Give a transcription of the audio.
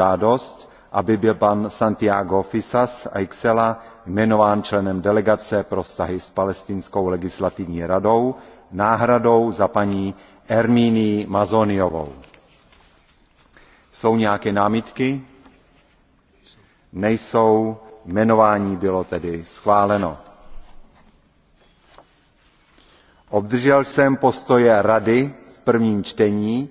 žádost aby byl pan santiago fisas aixela jmenován členem delegace pro vztahy s palestinskou legislativní radou náhradou za paní erminii mazoniovou. jsou nějaké námitky? nejsou jmenování bylo tedy schváleno. obdržel jsem postoje rady v prvním čtení